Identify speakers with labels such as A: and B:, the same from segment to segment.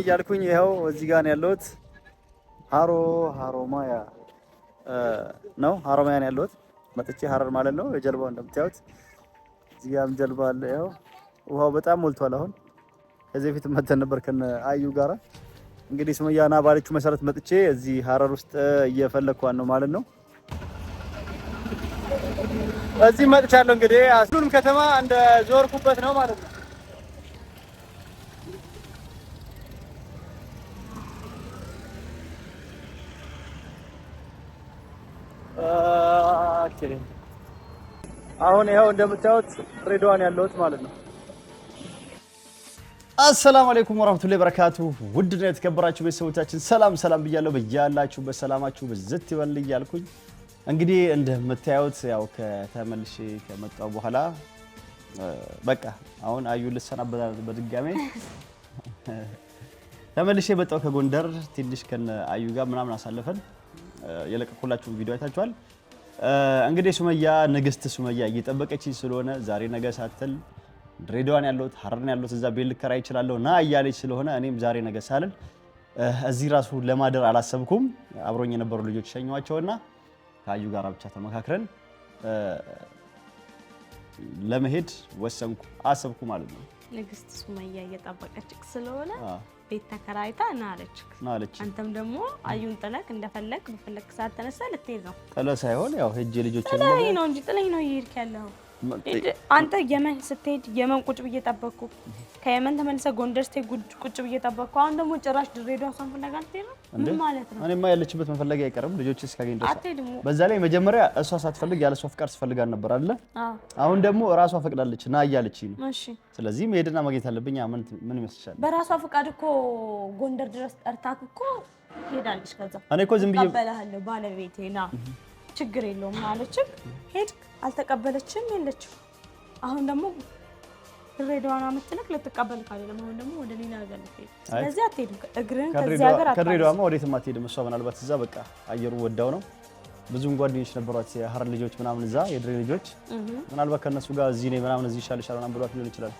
A: እያልኩኝ ይኸው እዚህ ጋር ነው ያለሁት። ሀሮ ሀሮማያ ነው ሀሮማያ ነው ያለሁት። መጥቼ ሀረር ማለት ነው። የጀልባው እንደምታዩት እዚህ ጋርም ጀልባ አለ። ይኸው ውሃው በጣም ሞልቷል። አሁን ከዚህ በፊት መተን ነበር ከነ አዩ ጋራ እንግዲህ ሱመያና ባለችው መሰረት መጥቼ እዚህ ሀረር ውስጥ እየፈለግኳን ነው ማለት ነው። እዚህ መጥቻለሁ። እንግዲህ ሁሉም ከተማ እንደ ዞርኩበት ነው ማለት ነው። ይለኛል። አሁን ይኸው እንደምታዩት ሬድዋን ያለሁት ማለት ነው። አሰላሙ አለይኩም ወራህመቱላሂ ውድ ነው የተከበራችሁ ቤተሰቦቻችን ሰላም ሰላም ብያለሁ። በያላችሁ በሰላማችሁ ብዝት ይበል እያልኩኝ እንግዲህ እንደምታዩት ያው ከተመልሼ ከመጣሁ በኋላ በቃ አሁን አዩ ልሰናበታል በድጋሜ ተመልሼ መጣሁ ከጎንደር። ትንሽ ከነ አዩ ጋር ምናምን አሳለፈን። የለቀኩላችሁ ቪዲዮ አይታችኋል። እንግዲህ ሱመያ ንግስት ሱመያ እየጠበቀች ስለሆነ ዛሬ ነገ ሳትል ድሬዳዋን ያለሁት ሀረርን ያለሁት እዛ ቤት ልከራ ይችላለሁ ና እያለች ስለሆነ እኔም ዛሬ ነገ ሳልል እዚህ ራሱ ለማደር አላሰብኩም። አብሮኝ የነበሩ ልጆች ሸኘኋቸውና ከአዩ ጋር ብቻ ተመካክረን ለመሄድ ወሰንኩ፣ አሰብኩ ማለት ነው።
B: ንግስት ሱመያ እየጠበቀች ስለሆነ ቤት ተከራይታ ና አለች ና አለች። አንተም ደግሞ አዩን ጥለክ እንደፈለክ በፈለክ ሰዓት ተነሳ ልትሄድ ነው።
A: ጥለ ሳይሆን ያው ህጅ ልጆች
B: ጥለኝ ነው እንጂ ጥለኝ ነው እየሄድክ ያለው አንተ የመን ስትሄድ የመን ቁጭ ብዬ ጠበቅኩ። ከየመን ተመልሰ ጎንደር ስትሄድ ቁጭ ብዬ ጠበቅኩ። አሁን ደግሞ ጭራሽ ድሬዳዋ እሷን ፍለጋ ልትሄድ ነው? ምን ማለት ነው?
A: እኔማ ያለችበት መፈለግ አይቀርም ልጆች እስካገኝ ድረስ። በዛ ላይ መጀመሪያ እሷ ሳትፈልግ ያለ እሷ ፍቃድ ስፈልጋ ነበር አለ። አሁን ደግሞ እራሷ ፈቅዳለች ና እያለች ነው። ስለዚህ መሄድና ማግኘት አለብኝ። ምን ይመስልሻል?
B: በራሷ ፍቃድ እኮ ጎንደር ድረስ ጠርታክ እኮ ሄዳለች። ከዛ እኔ እኮ ዝም ብዬ ባለቤቴ ና ችግር የለውም አለችን። ሄድ አልተቀበለችም የለችም። አሁን ደግሞ ድሬዳዋን አምጥተንክ ልትቀበልክ አይደለም። አሁን ደግሞ ወደ ሌላ ሀገር ልትሄድ ስለዚህ አትሄድም። እግርህን ከዚህ ሀገር አታስብ።
A: ከድሬዳዋማ ወዴትም አትሄድም። እሷ ምናልባት እዛ በቃ አየሩ ወዳው ነው። ብዙም ጓደኞች ነበሯት የሀረር ልጆች ምናምን እዛ የድሬ ልጆች ምናልባት ከእነሱ ጋር እዚህ ነኝ ምናምን እዚህ ይሻል ምናምን ብሏት ሊሆን ይችላል።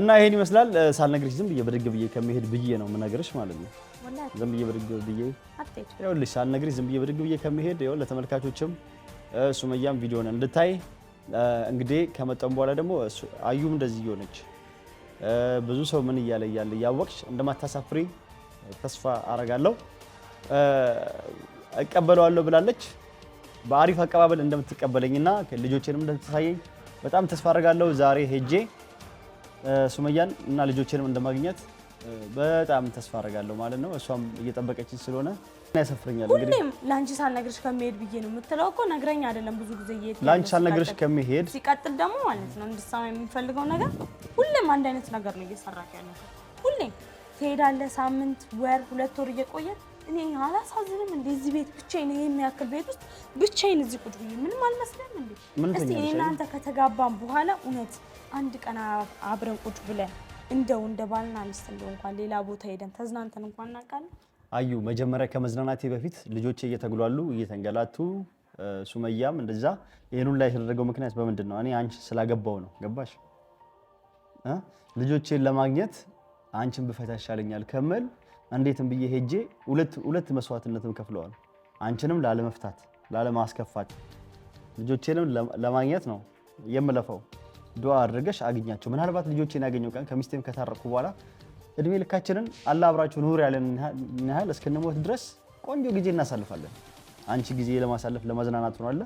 A: እና ይሄን ይመስላል። ሳልነግርሽ ዝም ብዬ ብድግ ብዬ ከመሄድ ብዬ ነው የምነግርሽ ማለት ነው። ዝም ብዬ ብድግ ብዬ ይኸውልሽ ሳልነግርሽ ዝም ብዬ ብድግ ብዬ ከመሄድ ይኸው ለተመልካቾችም ሱመያም ቪዲዮን እንድታይ እንግዲህ ከመጠን በኋላ ደግሞ አዩም እንደዚህ እየሆነች ብዙ ሰው ምን እያለ እያለ እያወቅሽ እንደማታሳፍሪ ተስፋ አረጋለሁ። እቀበለዋለሁ ብላለች። በአሪፍ አቀባበል እንደምትቀበለኝና ልጆቼንም እንደምትሳየኝ በጣም ተስፋ አረጋለሁ። ዛሬ ሄጄ ሱመያን እና ልጆቼንም እንደማግኘት በጣም ተስፋ አደርጋለሁ ማለት ነው። እሷም እየጠበቀችኝ ስለሆነ ያሰፍረኛል።
B: ሁሌም ለአንቺ ሳልነግርሽ ከመሄድ ብዬ ነው የምትለው እኮ ነግረኝ አይደለም ብዙ ጊዜ እየሄድ
A: ለአንቺ ሳልነግርሽ ከመሄድ
B: ሲቀጥል ደግሞ ማለት ነው እንድትሰማ የሚፈልገው ነገር ሁሌም አንድ አይነት ነገር ነው እየሰራክ ያለ ሁሌም ትሄዳለህ። ሳምንት፣ ወር፣ ሁለት ወር እየቆየ እኔ አላሳዝንም እንዴ? እዚህ ቤት ብቻዬን ይሄ የሚያክል ቤት ውስጥ ብቻዬን እዚህ ቁጭ ብዬ ምንም አልመስለም እንዴ? እስቲ እኔ እናንተ ከተጋባን በኋላ እውነት አንድ ቀን አብረን ቁጭ ብለን እንደው እንደ ባልና ሚስት እንደው እንኳን ሌላ ቦታ ሄደን ተዝናንተን እንኳን እናውቃለን።
A: አዩ መጀመሪያ ከመዝናናቴ በፊት ልጆቼ እየተግሏሉ እየተንገላቱ ሱመያም እንደዛ ይሄን ላይ የተደረገው ምክንያት በምንድን ነው? እኔ አንቺ ስላገባው ነው። ገባሽ? ልጆቼን ለማግኘት አንቺን ብፈታ ይሻለኛል ከምል እንዴትም ብዬ ሄጄ ሁለት ሁለት መስዋዕትነትም ከፍለዋል። አንቺንም ላለመፍታት ላለማስከፋት ልጆቼንም ለማግኘት ነው የምለፈው። ዱዓ አድርገሽ አግኛቸው። ምናልባት ልጆቼን ያገኘው ቀን ከሚስቴም ከታረቅኩ በኋላ እድሜ ልካችንን አላ አብራችሁ ኑር ያለን ያህል እስክንሞት ድረስ ቆንጆ ጊዜ እናሳልፋለን። አንቺ ጊዜ ለማሳለፍ ለማዝናናት ነው አለ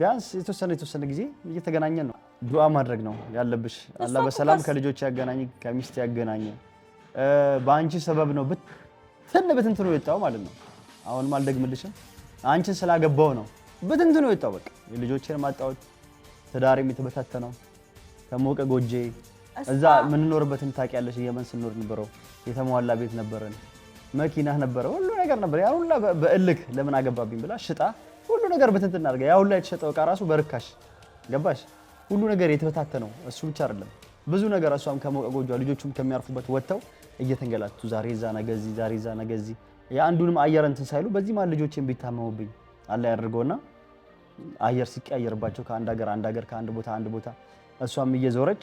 A: ቢያንስ የተወሰነ የተወሰነ ጊዜ እየተገናኘን ነው። ዱዓ ማድረግ ነው ያለብሽ። አላ በሰላም ከልጆች ያገናኝ፣ ከሚስት ያገናኘ በአንቺ ሰበብ ነው ብትን ብትንትኑ የወጣው ማለት ነው። አሁንም አልደግምልሽም። አንቺን ስላገባው ነው ብትንትኑ የወጣው በቃ የልጆችን ማጣወት ትዳር የሚተበታተነው ከሞቀ ጎጄ እዛ የምንኖርበትን ታውቂያለሽ። የመን ስንኖር ነበረው የተሟላ ቤት ነበረን፣ መኪና ነበረ፣ ሁሉ ነገር ነበር። ያ ሁላ በእልክ ለምን አገባብኝ ብላ ሽጣ ሁሉ ነገር በትንትን አድርጋ ያ ሁላ የተሸጠው እቃ ራሱ በርካሽ ገባሽ። ሁሉ ነገር የተበታተነው እሱ ብቻ አይደለም ብዙ ነገር እሷም ከሞቀ ጎጇ ልጆቹም ከሚያርፉበት ወጥተው እየተንገላቱ ዛሬ እዛ ነገዚ ዛሬ እዛ ነገዚ የአንዱንም አየር እንትን ሳይሉ በዚህ ማ ልጆቼን ቢታመሙብኝ አላ ያደርገውና አየር ሲቀያየርባቸው ከአንድ ሀገር አንድ ሀገር ከአንድ ቦታ አንድ ቦታ እሷም እየዞረች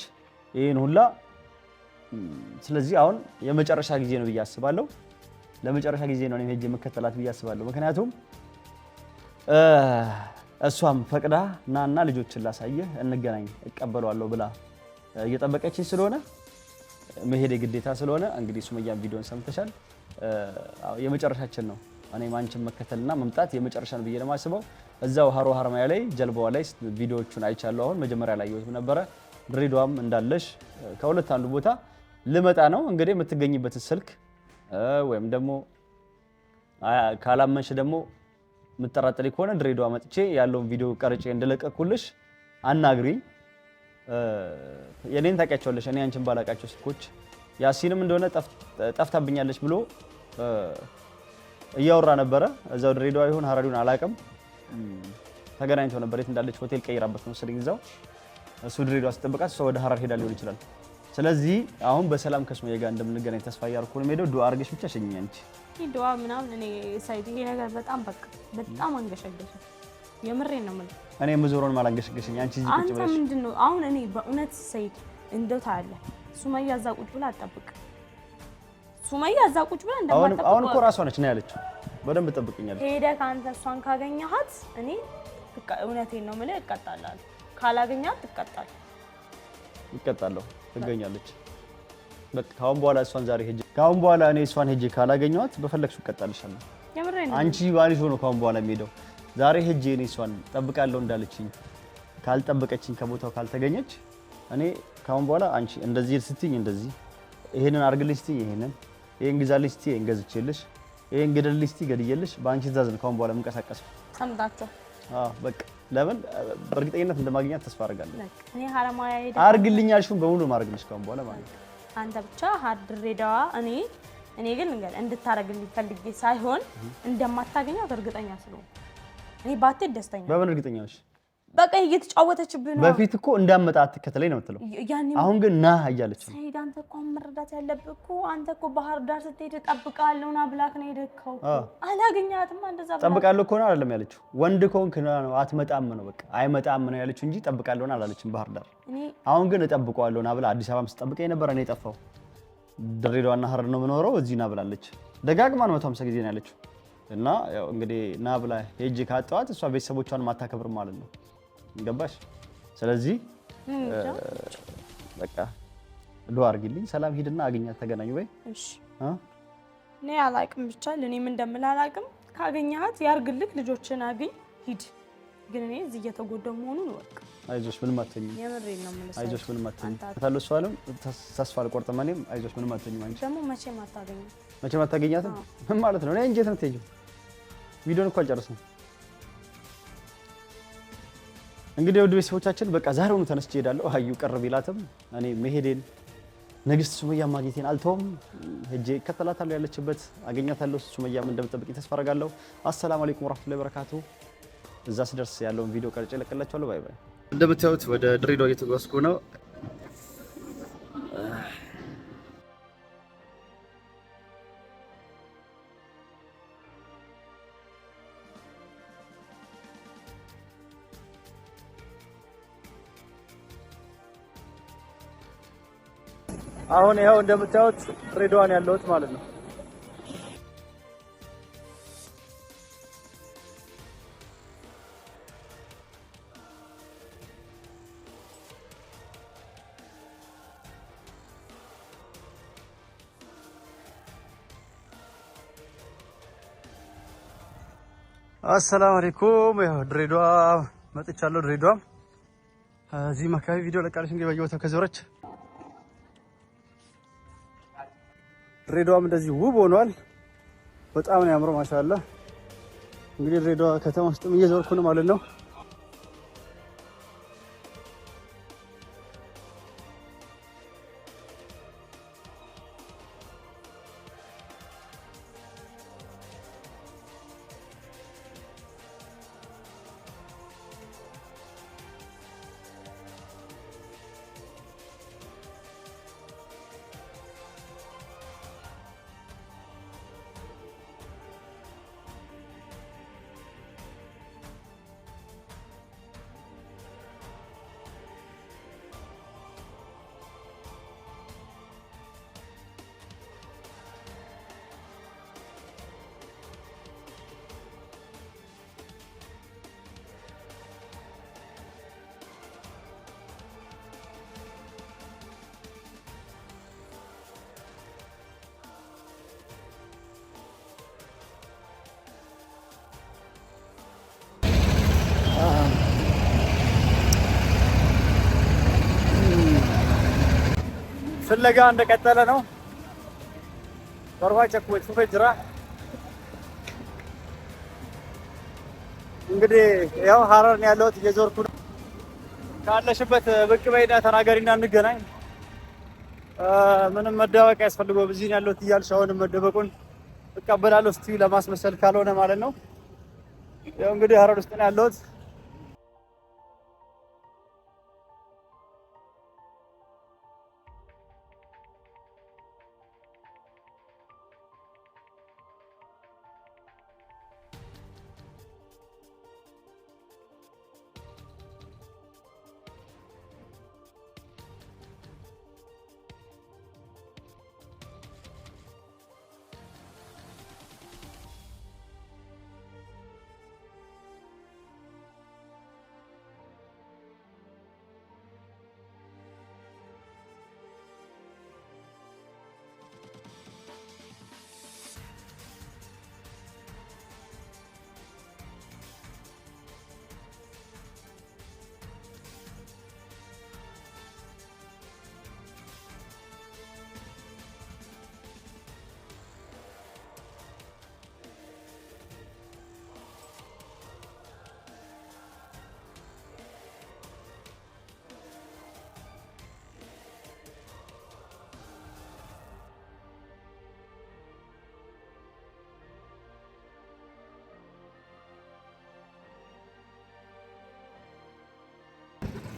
A: ይህን ሁላ ስለዚህ አሁን የመጨረሻ ጊዜ ነው ብዬ አስባለሁ። ለመጨረሻ ጊዜ ነው ሄጅ የምከተላት ብዬ አስባለሁ። ምክንያቱም እሷም ፈቅዳ ናና ልጆችን ላሳየህ እንገናኝ እቀበለዋለሁ ብላ እየጠበቀችኝ ስለሆነ መሄድ የግዴታ ስለሆነ እንግዲህ ሱመያን ቪዲዮን ሰምተሻል። የመጨረሻችን ነው። እኔም አንቺን መከተልና መምጣት የመጨረሻ ነው ብዬ ነው የማስበው። እዛው ሀሮ ሀርማያ ላይ ጀልባዋ ላይ ቪዲዮዎቹን አይቻለሁ። አሁን መጀመሪያ ላይ ያየሁት ነበረ። ድሬዳዋም እንዳለሽ ከሁለት አንዱ ቦታ ልመጣ ነው እንግዲህ የምትገኝበትን ስልክ ወይም ደግሞ ካላመንሽ ደግሞ የምጠራጠሪ ከሆነ ድሬዳዋ መጥቼ ያለውን ቪዲዮ ቀርጬ እንደለቀኩልሽ አናግሪኝ። የኔን ታውቂያቸዋለሽ፣ እኔ አንቺን ባላውቃቸው ስልኮች ያሲንም እንደሆነ ጠፍታብኛለች ብሎ እያወራ ነበረ። እዛው ድሬዳዋ ይሁን ሀረሪውን አላውቅም፣ ተገናኝተው ነበር። የት እንዳለች ሆቴል ቀይራበት ነው ስሪ ጊዜው እሱ ድሬዳዋ ስጠብቃት እሷ ወደ ሀረር ሄዳ ሊሆን ይችላል። ስለዚህ አሁን በሰላም ከሱመያ ጋር እንደምንገናኝ ተስፋ እያደረኩ ነው የምሄደው። ዱአ አድርገሽ ብቻ ሸኘኝ አንቺ
B: ዱአ ምናምን። እኔ ሳይድ ይሄ ነገር በጣም በቃ በጣም አንገሸገሸ። የምሬ ነው የምልህ።
A: እኔ የምዞረውን ማላንገሸገሸኝ አንቺ እዚህ
B: ቁጭ ብለሽ አንተ ምንድን ነው አሁን? እኔ በእውነት ሳይድ እንደው ታያለህ፣ ሱመያ እዛ ቁጭ ብላ አጠብቅ ሱመያ እዛ ቁጭ ብላ እንደማትጠብቀው
A: አሁን እኮ ራሷ ነች ነው ያለችው። በደንብ ጠብቅኛለች።
B: ሄደህ ከአንተ እሷን ካገኘሃት እኔ እውነቴን ነው የምልህ እቀጣላለሁ። ካላገኘሃት ትቀጣል።
A: እቀጣለሁ። ትገኛለች። በቃ ካሁን በኋላ እሷን ዛሬ ሄጄ ካሁን በኋላ እኔ እሷን ሄጄ ካላገኘኋት በፈለግሽው እቀጣልሻለሁ። አንቺ ባልሽ ሆኖ ካሁን በኋላ የሚሄደው ዛሬ ሄጄ እኔ እሷን ጠብቃለሁ እንዳለችኝ ካልጠበቀችኝ ከቦታው ካልተገኘች እኔ ካሁን በኋላ አንቺ እንደዚህ ስትይኝ እንደዚህ ይሄንን አድርግልኝ ስትይኝ ይሄንን ይሄን ግዛልሽ እስቲ ይሄን ገዝቼልሽ ይሄን ግደልሽ እስቲ ገድዬልሽ በአንቺ ትእዛዝ ነው ካሁን በኋላ የምንቀሳቀሰው። ጸንታችሁ? አዎ በቃ ለምን በእርግጠኝነት እንደማግኛት ተስፋ አደርጋለሁ።
B: እኔ ሀረማያ ሄዳ
A: አድርግልኝ ያልሽውን በሙሉ ማድረግልሽ ካሁን በኋላ ማለት ነው።
B: አንተ ብቻ ድሬዳዋ እኔ እኔ ግን እንግዲህ እንድታረግልኝ ፈልጌ ሳይሆን እንደማታገኛት እርግጠኛ ስለሆንኩ እኔ ባትሄድ ደስተኛ።
A: በምን እርግጠኛ ነሽ?
B: በቃ እየተጫወተችብህ ነው።
A: በፊት እኮ እንዳመጣ አትከተለኝ ነው የምትለው፣ አሁን ግን ና እያለች ነው።
B: ሰይድ አንተ እኮ መረዳት ያለብህ እኮ አንተ እኮ ባህር ዳር ስትሄድ እጠብቅሃለሁ ና ብላክ ነው የሄደከው። አላገኛትም እንደዛ
A: እጠብቃለሁ እኮ ነው አይደለም ያለችው። ወንድ ከሆንክ ነው አትመጣም ነው በቃ አይመጣም ነው ያለችው እንጂ እጠብቃለሁ ና አላለችም ባህር ዳር። አሁን ግን እጠብቀዋለሁ ና ብላ አዲስ አበባም ስጠብቀ የነበረ ነው የጠፋው ድሬዳዋና ሀረር ነው የምኖረው እዚህ ና ብላለች። ደጋግማ ነው መቶ ሃምሳ ጊዜ ነው ያለችው። እና እንግዲህ ና ብላ ሄጅ ካጠዋት እሷ ቤተሰቦቿን ማታከብር ማለት ነው ገባሽ? ስለዚህ በቃ ዱአ አርግልኝ። ሰላም ሂድና አገኛት፣ ተገናኙ በይ።
B: እኔ አላቅም፣ ብቻ ለኔ ምን እንደምል አላቅም። ካገኘሃት ያርግልክ፣ ልጆችን አግኝ፣ ሂድ። ግን እኔ እዚህ እየተጎዳሁ መሆኑን ወቅ።
A: አይዞሽ ምንም አትሆኝም።
B: የምሬን ነው የምልሽ።
A: አይዞሽ ምንም አትሆኝም። ታለው ሷለም ተስፋ አልቆርጥም። እኔም አይዞሽ ምንም አትሆኝም።
B: አንቺ ደግሞ መቼም አታገኛትም።
A: መቼም አታገኛትም ማለት ነው። እኔ እንጀት ነው የምትሄጂው? ቪዲዮን እኮ አልጨርስም እንግዲህ ውድ ቤተሰቦቻችን በቃ ዛሬውኑ ተነስቼ እሄዳለሁ። አዩ ቅር ቢላትም እኔ መሄዴን ንግስት ሱመያ ማግኘቴን አልተውም። ሄጄ እከተላታለሁ፣ ያለችበት አገኛታለሁ። ሱመያም እንደምጠብቅ ተስፋ አደርጋለሁ። አሰላሙ አለይኩም ወራህመቱላሂ ወበረካቱ። እዛ ስደርስ ያለውን ቪዲዮ ቀርጬ እለቅላችኋለሁ። ባይ ባይ። እንደምታዩት ወደ ድሬዳዋ እየተጓዝኩ ነው። አሁን ይኸው እንደምታዩት ድሬዳዋን ያለሁት ማለት ነው። አሰላም አለይኩም ያው ድሬዳዋ መጥቻለሁ። ድሬዳዋ እዚህም አካባቢ ቪዲዮ ለቃለች እንግዲህ በየቦታው ከዞረች ድሬዳዋም እንደዚህ ውብ ሆኗል። በጣም ነው ያምረው። ማሻላ እንግዲህ ድሬዳዋ ከተማ ውስጥም እየዞርኩ ነው ማለት ነው። ፍለጋ እንደቀጠለ ነው። ቸኩ ሱፌ ጅራ እንግዲህ ያው ሀረር ነው ያለሁት፣ እየዞርኩ ነው። ካለሽበት ብቅ በይና ተናገሪና እንገናኝ። ምንም መደበቅ ያስፈልገው ብዚህ ነው ያለሁት እያልሽ አሁንም መደበቁን እቀበላለሁ እስቲ ለማስመሰል ካልሆነ ማለት ነው። ያው እንግዲህ ሀረር ውስጥ ነው ያለሁት።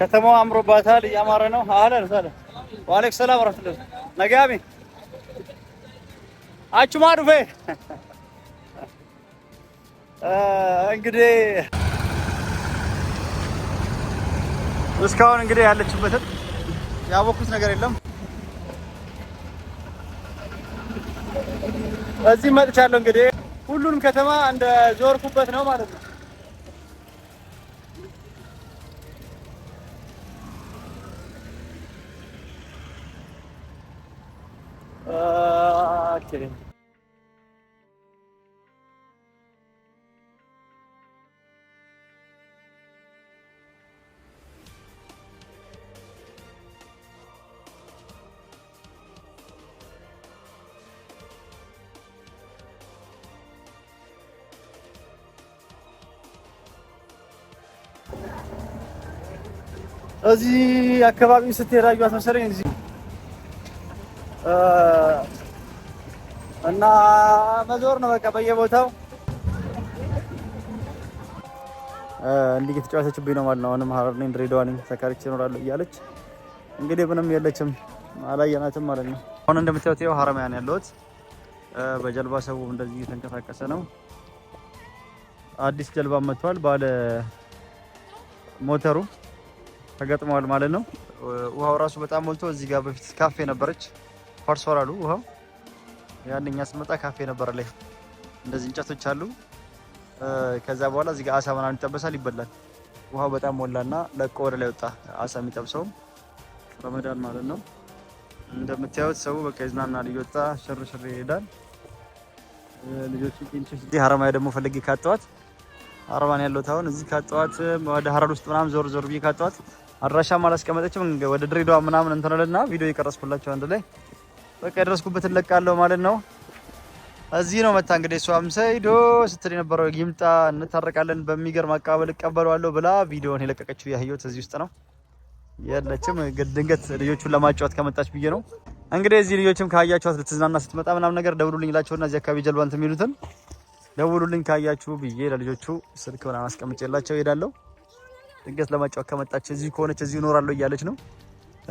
A: ከተማው አምሮባታል፣ እያማረ ነው። አለን ሰለ ወአለይኩም ሰላም ወራህመቱላህ ነጋሚ አቹማ ዱፌ እንግዲህ እስካሁን እንግዲህ ያለችበትን ያወኩት ነገር የለም። እዚህ መጥቻለሁ። እንግዲህ ሁሉንም ከተማ እንደ ዞርኩበት ነው ማለት ነው። Ah, okay. እዚህ አካባቢ ስትሄዳዩ አስመሰለኝ እዚህ እና መዞር ነው በቃ በየቦታው እንዲህ የተጫወተችብኝ ነው ማለት ነው። አሁንም ሀረር ነኝ ድሬዳዋ ነኝ ይኖራሉ እያለች እንግዲህ ምንም የለችም አላየናትም ማለት ነው። አሁን እንደምታዩት ይኸው ሀረማያን ያለሁት በጀልባ ሰው እንደዚህ እየተንቀሳቀሰ ነው። አዲስ ጀልባ መጥቷል። ባለ ሞተሩ ተገጥመዋል ማለት ነው። ውሃው ራሱ በጣም ሞልቶ እዚህ ጋር በፊት ካፌ ነበረች ፈርሷል አሉ። ውሃው ያን እኛ ስመጣ ካፌ ነበር ላይ እንደዚህ እንጨቶች አሉ። ከዛ በኋላ እዚህ ጋር አሳ ምናምን ይጠበሳል፣ ይበላል። ውሃው በጣም ሞላና ለቆ ወደ ላይ ወጣ። አሳ የሚጠብሰውም ረመዳን ማለት ነው። እንደምታዩት ሰው በቃ ይዝናና ይዝናናል፣ ሽር ሽር ይሄዳል። ልጆቹ ቂንችስ እዚህ ሀረማያ ደግሞ ፈልጌ ካጠዋት አረባን ያለሁት አሁን እዚህ ካጠዋት ወደ ሀረር ውስጥ ምናምን ዞር ዞር ብዬ ካጠዋት አድራሻም አላስቀመጠችም። ወደ ድሬዳዋ ምናምን እንትንልና ቪዲዮ የቀረስኩላቸው አንድ ላይ በቃ የደረስኩበት እለቃለሁ ማለት ነው። እዚህ ነው መታ እንግዲህ እሷም ሰይዶ ስትል የነበረው ይምጣ እንታረቃለን፣ በሚገርም አቀባበል እቀበለዋለሁ ብላ ቪዲዮን የለቀቀችው ያየሁት እዚህ ውስጥ ነው። የለችም ድንገት ልጆቹን ለማጫወት ከመጣች ብዬ ነው እንግዲህ። እዚህ ልጆችም ካያችኋት ልትዝናና ስትመጣ ምናምን ነገር ደውሉልኝ ላቸውና እዚህ አካባቢ ጀልባ እንትን የሚሉትን ደውሉልኝ ካያችሁ ብዬ ለልጆቹ ስልክ ምናምን አስቀምጬላቸው እሄዳለሁ። ድንገት ለማጫወት ከመጣች እዚህ ከሆነች እዚህ እኖራለሁ እያለች ነው።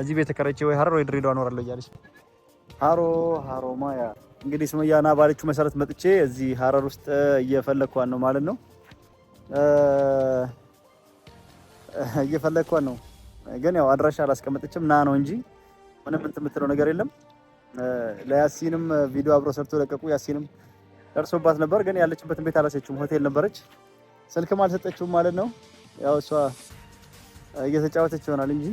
A: እዚህ ቤተከራይቼ ወይ ሀረር ወይ ድሬዳዋ እኖራለሁ እያለች ነው። ሀሮ ሀሮማያ እንግዲህ ስመያና ባለችው መሰረት መጥቼ እዚህ ሀረር ውስጥ እየፈለግኳን ነው ማለት ነው። እየፈለግኳን ነው ግን ያው አድራሻ አላስቀመጠችም። ና ነው እንጂ ምንም እንትን የምትለው ነገር የለም። ለያሲንም ቪዲዮ አብሮ ሰርቶ ለቀቁ። ያሲንም ደርሶባት ነበር፣ ግን ያለችበትን ቤት አላሰችም። ሆቴል ነበረች። ስልክም አልሰጠችውም ማለት ነው። ያው እሷ እየተጫወተች ይሆናል እንጂ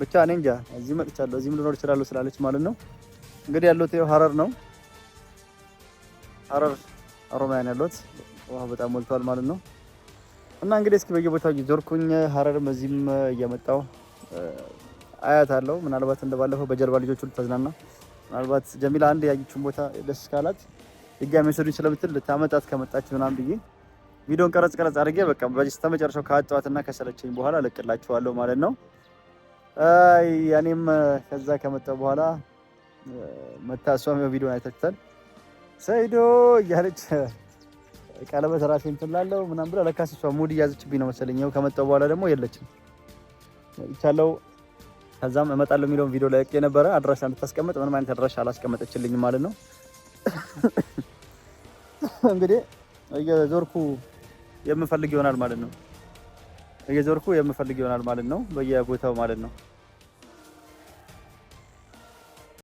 A: ብቻ እኔ እንጃ እዚህ መጥቻለሁ፣ እዚህም ልኖር እችላለሁ ስላለች ማለት ነው። እንግዲህ ያለሁት ይኸው ሀረር ነው። ሀረር አሮማያን ያለሁት ውሃ በጣም ሞልቷል ማለት ነው። እና እንግዲህ እስኪ በየቦታው ዞርኩኝ። ሀረርም እዚህም እየመጣው አያት አለው። ምናልባት እንደባለፈው በጀልባ ልጆቹ ልታዝናና ምናልባት ጀሚላ አንድ ያየችውን ቦታ ደስ ካላት ድጋሚ ወሰዱኝ ስለምትል ልታመጣት ከመጣች ምናምን ብዬ ቪዲዮን ቀረጽ ቀረጽ አድርጌ በቃ በስተመጨረሻው ከአጠዋትና ከሰለቸኝ በኋላ እለቅላችኋለሁ ማለት ነው። እኔም ከዛ ከመጣ በኋላ መታሷም ቪዲዮ አይተክተል ሰይዶ እያለች ቀለበት ራሴ እንትን ላለው ምናምን ብላ ለካስ እሷ ሙድ እያዘችብኝ ነው መሰለኝ። ይኸው ከመጣሁ በኋላ ደግሞ የለችም ይቻለው። ከዛም እመጣለሁ የሚለውን ቪዲዮ ላይ የነበረ አድራሻ እንድታስቀምጥ ምንም አይነት አድራሻ አላስቀመጠችልኝ ማለት ነው። እንግዲህ እየዞርኩ የምፈልግ ይሆናል ማለት ነው። እየዞርኩ የምፈልግ ይሆናል ማለት ነው፣ በየቦታው ማለት ነው።